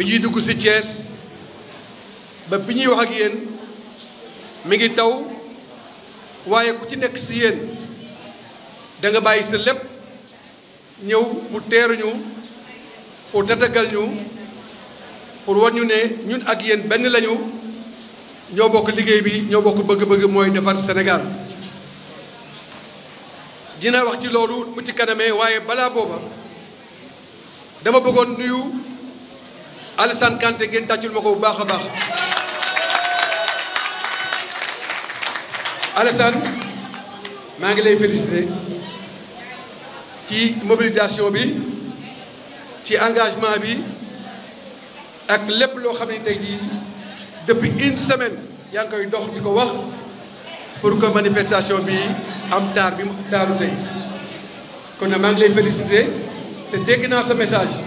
bi ñuy dugg ci Thiès ba fi ñuy wax ak yéen mi ngi taw waaye ku ci nekk ci yéen da bàyyi sa lépp ñëw pour teeruñu pour tatagal ñu pour war ñu ne ñun ak yéen benn lañu ñoo bokk liggéey bi ñoo bokk bëgg-bëgg mooy defar Sénégal dina wax ci loolu mu ci kanamee waaye balaa booba dama bëggoon nuyu. Alassane Kanté ngeen tàccul ma bu baakha a baax Alassane maa ngi lay féliciter ci mobilisation bi ci engagement bi ak lépp loo xam ne tey jii depuis une semaine yaa ngi koy dox di ko wax pour que manifestation bi am taar bi taaru tey kon nag maa ngi lay féliciter te dégg naa sa message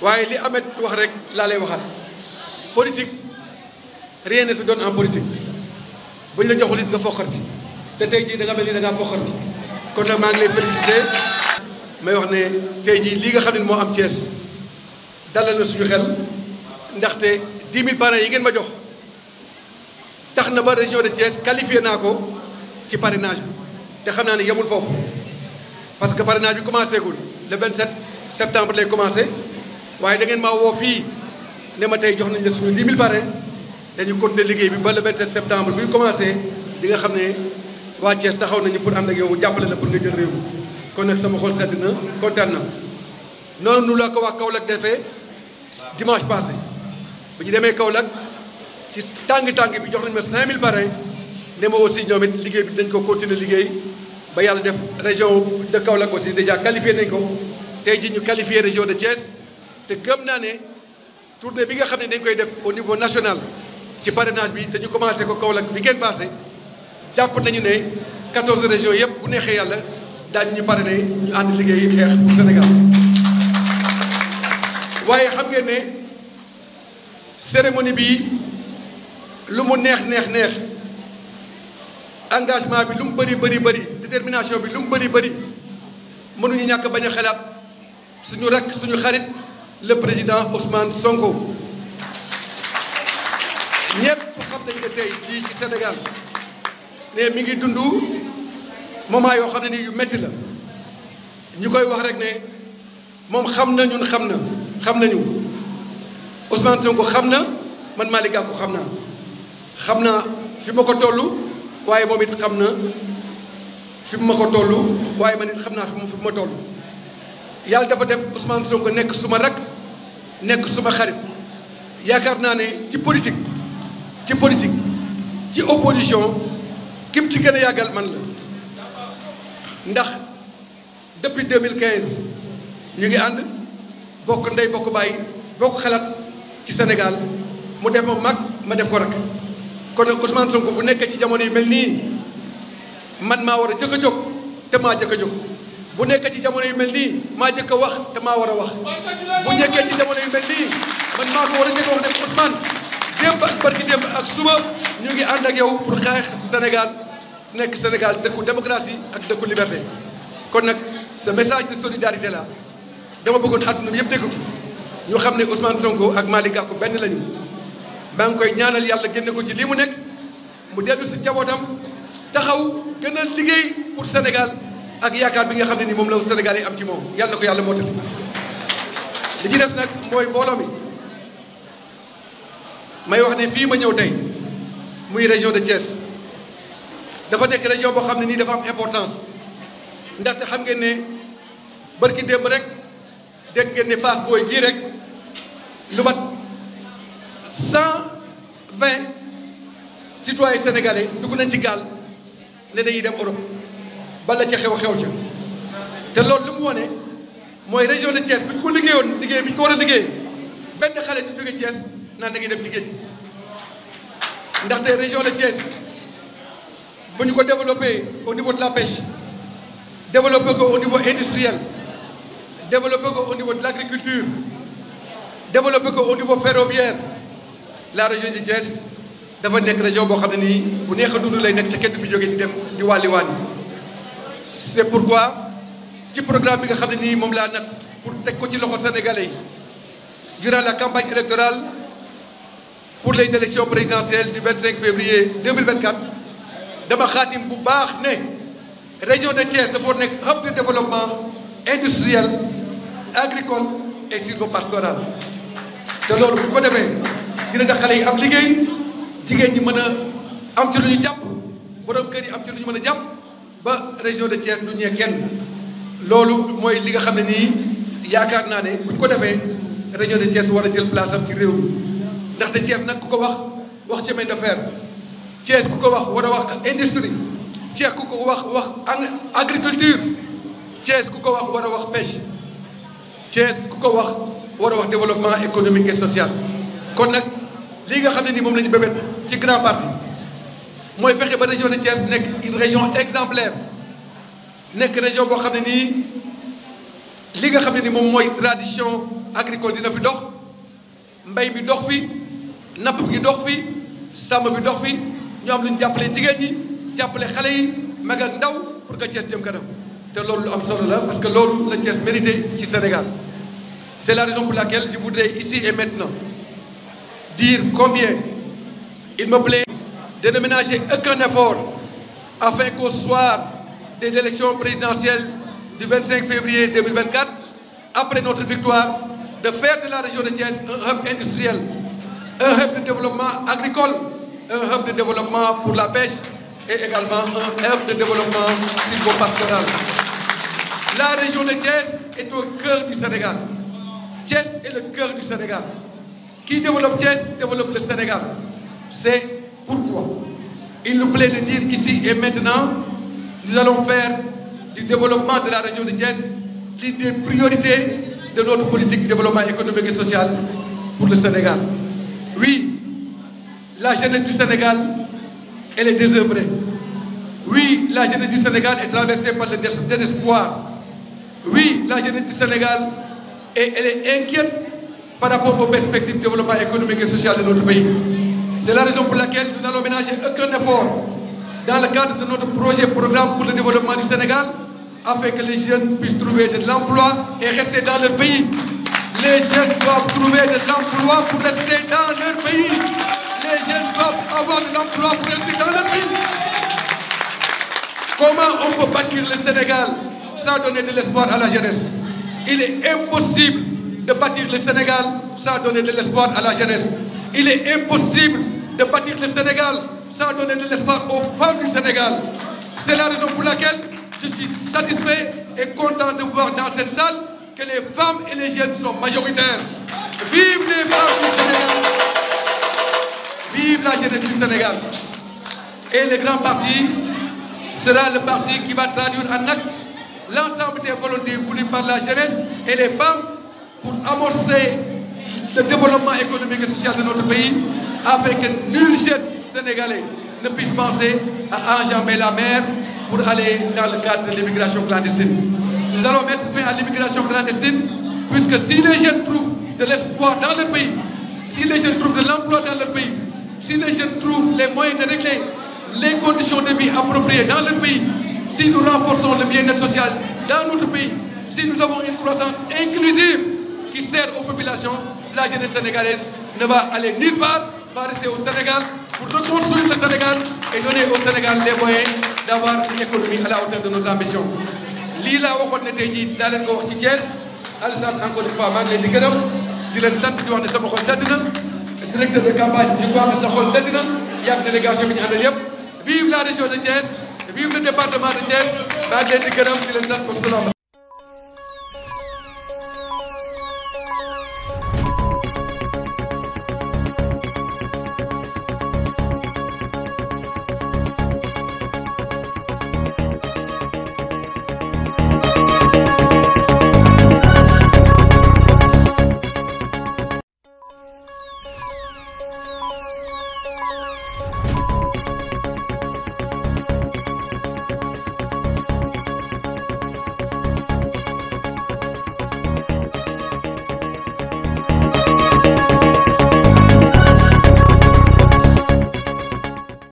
waaye li Ahmed wax rek laa lay waxal politique rien ne se donne en politique buñ la joxul it nga te tey jii da nga mel ni da ngaa fokkarti kon nag maa ngi lay félicité may wax ne tey jii lii nga xam ne moo am Thiès dalal na suñu xel ndaxte dix mille parrains yi ngeen ma jox tax na ba région de Thiès qualifié naa ko ci parrainage bi te xam naa ne yamul foofu parce que parrainage bi commencé gul le 27 septembre lay commencé. waaye da ngeen maa woo fii ne ma tey jox nañ leen suñu 10 000 bare dañu continuer liggéey bi ba le 27 septembre bi ñu commencé di nga xam ne waa Thiès taxaw nañu pour ànd ak yow jàppale la pour nga jël réew mi kon nag sama xol sedd na kontaan na noonu nu la ko wax Kaolack defee dimanche passé bu ñu demee Kaolack ci tàng-tàng bi jox nañu ma 5000 parrain ne ma aussi ñoom it liggéey bi dañ ko continuer liggéey ba yàlla def région de Kaolack aussi déjà qualifié nañ ko tey ji ñu qualifié région de Thiès te gëm naa ne tournée bi nga xam ne dañ koy def au niveau national ci parrainage bi te ñu commencé ko Kaolack bi ngeen passé jàpp nañu ne 14 régions yépp bu neexee yàlla daañu ñu parrainé ñu ànd liggéey xeex bu Sénégal waaye xam ngeen ne cérémonie bi lu mu neex neex neex engagement bi lu mu bëri bëri bëri détermination bi lu mu bëri bëri mënuñu ñàkk bañ a xalaat suñu rek suñu xarit le président Ousmane Sonko ñëpp xam nañ ne tey jii ci Sénégal ne mi ngi dund moment yoo xam ne ni yu métti la ñu koy wax rek ne moom xam na ñun xam na xam nañu Ousmane Sonko xam na man Malick Gakou xam naa xam naa fi ma ko toll waaye moom it xam na fi ma ko toll waaye man it xam naa fi ma toll yàlla dafa def Ousmane Sonko nekk suma rak nekk suma xarit yaakaar naa ne ci politique ci politique ci opposition kim ci gën a yàggal man la ndax depuis 2015 ñu ngi ànd bokk ndey bokk bàyyi bokk xalaat ci Sénégal mu def ma mag ma def ko rek kon nag Ousmane Sonko bu nekkee ci jamono yu mel nii man maa war a jëkk a jóg te maa jëkk a jóg. bu nekkee ci jamono yu mel nii maa njëkk a wax te maa war a wax bu nekkee ci jamono yu mel nii man maa ko war a njëkk a wax ne Ousmane démb ak barki démb ak suba ñu ngi ànd ak yow pour xeex Sénégal nekk Sénégal dëkku démocratie ak dëkku liberté. kon nag ce message de solidarité la dama bëggoon àdduna bi yëpp dégg ko ñu xam ne Ousmane Sonko ak Malick Gakou benn lañu maa ngi koy ñaanal yàlla génne ko ci lii mu nekk mu dellu si njabootam taxaw gën a liggéey pour Sénégal. ak yaakaar bi nga xam ne ni moom la Sénégal yi am ci moom yàlla na ko yàlla mootali li ci des nag mooy mbooloo mi may wax ne fii ma ñëw tey muy région de Thiès dafa nekk région boo xam ne nii dafa am importance ndaxte xam ngeen ne barki démb rek dégg ngeen ne Fass Boy gii rek lu mat cent vingt citoyens sénégalais dugg nañ ci gaal ne dañuy dem Europe. ba la ca xew xew ca te loolu li mu wane mooy région de Thiès bu ñu ko liggéeyoon liggéey bi ñu ko war a liggéey benn xale di jóge Thiès naan da ngay dem ci géej ndaxte région de Thiès bu ñu ko développé au niveau de la pêche développé ko au niveau industriel développe ko au niveau de l' développe ko au niveau ferroviaire la région de Thiès dafa nekk région boo xam ne nii bu neex a dund lay nekk te kenn du fi jóge di dem di wàlliwaan yi c'est pourquoi ci programme que nga avons ne pour te ko ci loxo sénégalais durant la campagne électorale pour les élections présidentielles du 25 février 2024 dama xaatim bu baax ne région de Thiès pour un hub de développement industriel agricole et sylvopastoral te loolu bu ko defee dina tax xale yi am liggéey jigéen ñi mën am ci ba région de Thiès du ñee kenn loolu mooy li nga xam ne nii yaakaar ne bu ko defee région de Thiès war jël place am ci réew mi ndaxte Thiès nag ku ko wax wax chemin de fer Thiès ku wax war wax industrie Thiès ku wax wax agriculture Thiès ku wax war wax pêche Thiès ku wax war wax développement économique et social kon nag li nga xam ne nii moom la ci grand parti mooy fexe ba région de Thiès nekk une région exemplaire nekk région bo xamné ni, li nga xamné ni mom moy tradition agricole dina fi dox mbay mi dox fi napp bi dox fi sam bi dox fi ñom luñu jappalé ñu ñi yi mag ak ndaw pour que Thiès jëm kanam té loolu am solo la parce que loolu la Thiès mérité ci Sénégal c'est la raison pour laquelle je voudrais ici et maintenant dire combien il me plaît de ne aucun effort afin qu'au soir des élections présidentielles du 25 février 2024, après notre victoire, de faire de la région de Thiès un hub industriel, un hub de développement agricole, un hub de développement pour la pêche et également un hub de développement pastoral La région de Thiès est au cœur du Sénégal. Thiès est le cœur du Sénégal. Qui développe Thiès développe le Sénégal. C'est pourquoi Il nous plaît de dire ici et maintenant, nous allons faire du développement de la région de Thiès l'une des priorités de notre politique de développement économique et social pour le Sénégal. Oui, la jeunesse du Sénégal, elle est désœuvrée. Oui, la jeunesse du Sénégal est traversée par le désespoir. Oui, la jeunesse du Sénégal, elle est inquiète par rapport aux perspectives de développement économique et social de notre pays. C'est la raison pour laquelle nous n'allons ménager aucun effort dans le cadre de notre projet programme pour le développement du Sénégal afin que les jeunes puissent trouver de l'emploi et rester dans le pays. Les jeunes doivent trouver de l'emploi pour rester dans leur pays. Les jeunes doivent avoir de l'emploi pour rester dans leur pays. Comment on peut bâtir le Sénégal sans donner de l'espoir à la jeunesse Il est impossible de bâtir le Sénégal sans donner de l'espoir à la jeunesse. Il est impossible de bâtir le Sénégal. sans donner de l'espoir aux femmes du Sénégal. C'est la raison pour laquelle je suis satisfait et content de voir dans cette salle que les femmes et les jeunes sont majoritaires. Vive les femmes du Sénégal Vive la jeunesse du Sénégal Et le grand parti sera le parti qui va traduire en acte l'ensemble des volontés voulues par la jeunesse et les femmes pour amorcer le développement économique et social de notre pays afin que nul jeune sénégalais ne puisse penser à enjamber la mer pour aller dans le cadre de l'immigration clandestine. Nous allons mettre fin à l'immigration clandestine, puisque si les jeunes trouvent de l'espoir dans leur pays, si les jeunes trouvent de l'emploi dans leur pays, si les jeunes trouvent les moyens de régler les conditions de vie appropriées dans leur pays, si nous renforçons le bien-être social dans notre pays, si nous avons une croissance inclusive qui sert aux populations, la jeunesse sénégalaise ne va aller nulle part s'embarrasser au Sénégal pour reconstruire le Sénégal et donner au Sénégal les moyens d'avoir une économie à la hauteur de notre ambition lii laa waxoon ne tey jii daa leen ko wax ci Thiès Alassane encore une fois maa ngi leen di gërëm di leen sant di wax ne sama xol directeur de campagne je crois que sa xol sedd na yàgg délégation bi ñu àndal la région de Thiès vive de Thiès maa ngi leen di gërëm di leen